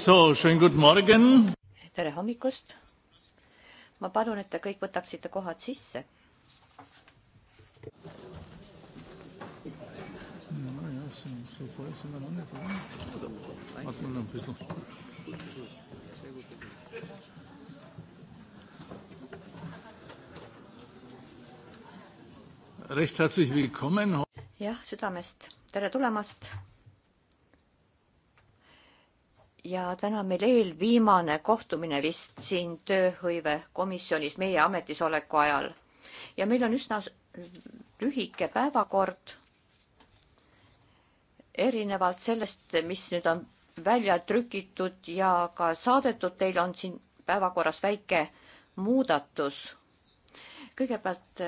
So, schönen guten Morgen. tere hommikust. ma palun, et te kõik võtaksite kohad sisse. jah, südamest tere tulemast ja täna meil eelviimane kohtumine vist siin tööhõivekomisjonis meie ametisoleku ajal ja meil on üsna lühike päevakord. erinevalt sellest, mis nüüd on välja trükitud ja ka saadetud, teil on siin päevakorras väike muudatus. kõigepealt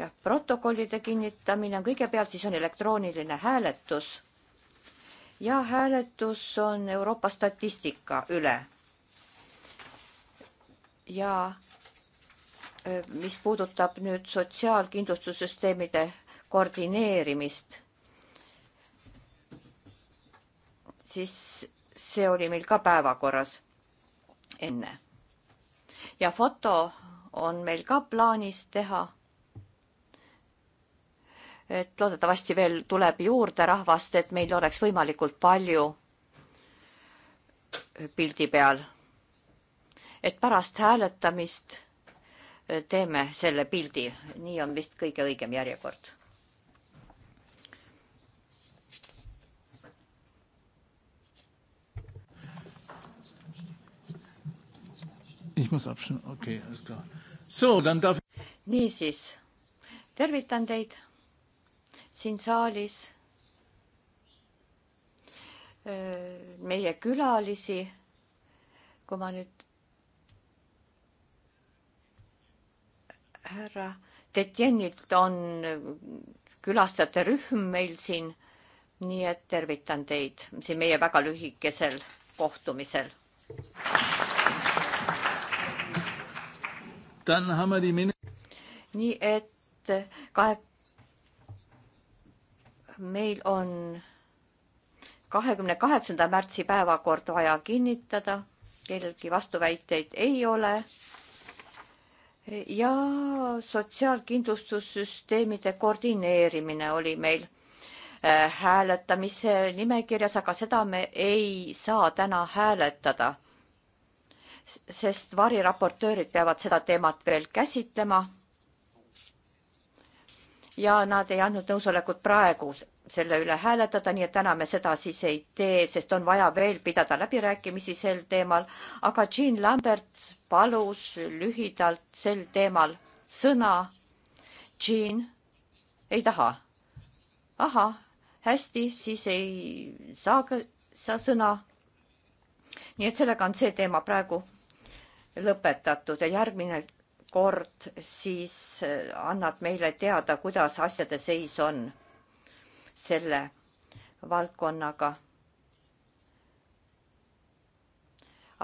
jah, protokollide kinnitamine on kõigepealt, siis on elektrooniline hääletus ja hääletus on Euroopa statistika üle. ja mis puudutab nüüd sotsiaalkindlustussüsteemide koordineerimist, siis see oli meil ka päevakorras enne. ja foto on meil ka plaanis teha et loodetavasti veel tuleb juurde rahvast, et meil oleks võimalikult palju pildi peal. et pärast hääletamist eh, teeme selle pildi, nii on vist kõige õigem järjekord. niisiis, tervitan teid siin saalis, meie külalisi, kui ma nüüd härra Tetjenilt on külastajate rühm meil siin, nii et tervitan teid siin meie väga lühikesel kohtumisel. nii et kahe meil on kahekümne kaheksanda märtsi päevakord vaja kinnitada, kellelgi vastuväiteid ei ole. ja sotsiaalkindlustussüsteemide koordineerimine oli meil äh, hääletamise nimekirjas, aga seda me ei saa täna hääletada. sest variraportöörid peavad seda teemat veel käsitlema ja nad ei andnud nõusolekut praegu selle üle hääletada, nii et täna me seda siis ei tee, sest on vaja veel pidada läbirääkimisi sel teemal. aga Jean Lambert palus lühidalt sel teemal sõna. Jean ei taha. ahah, hästi, siis ei saa sa sõna. nii et sellega on see teema praegu lõpetatud ja järgmine kord siis eh, annad meile teada, kuidas asjade seis on selle valdkonnaga.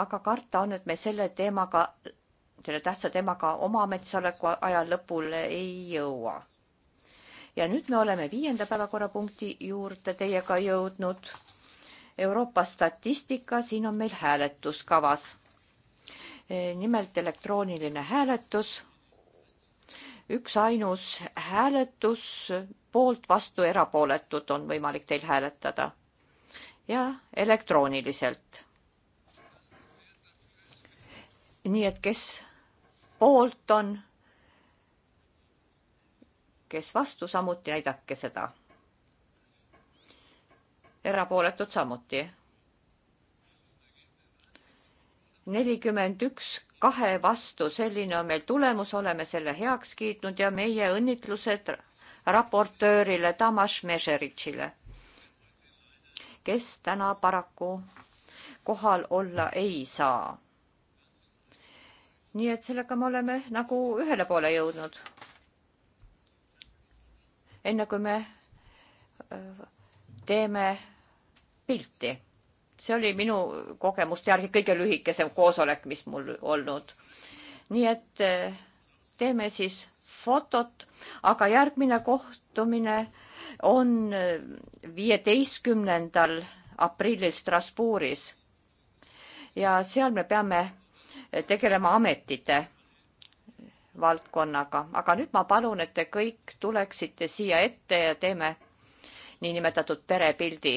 aga karta on, et me selle teemaga, selle tähtsa teemaga oma ametisoleku aja lõpule ei jõua. ja nüüd me oleme viienda päevakorrapunkti juurde teiega jõudnud. Euroopa statistika, siin on meil hääletus kavas nimelt elektrooniline hääletus. üksainus hääletus, poolt, vastu, erapooletud on võimalik teil hääletada ja elektrooniliselt. nii et kes poolt on, kes vastu, samuti näidake seda. erapooletud samuti nelikümmend üks kahe vastu, selline on meil tulemus, oleme selle heaks kiitnud ja meie õnnitlused raportöörile Tamas Mežeritšile, kes täna paraku kohal olla ei saa. nii et sellega me oleme nagu ühele poole jõudnud. enne kui me äh, teeme pilti see oli minu kogemuste järgi kõige lühikesem koosolek, mis mul olnud. nii et eh, teeme siis fotot, aga järgmine kohtumine on eh, viieteistkümnendal aprillil Strasbourgis. ja seal me peame eh, tegelema ametite valdkonnaga, aga nüüd ma palun, et te kõik tuleksite siia ette ja teeme niinimetatud perepildi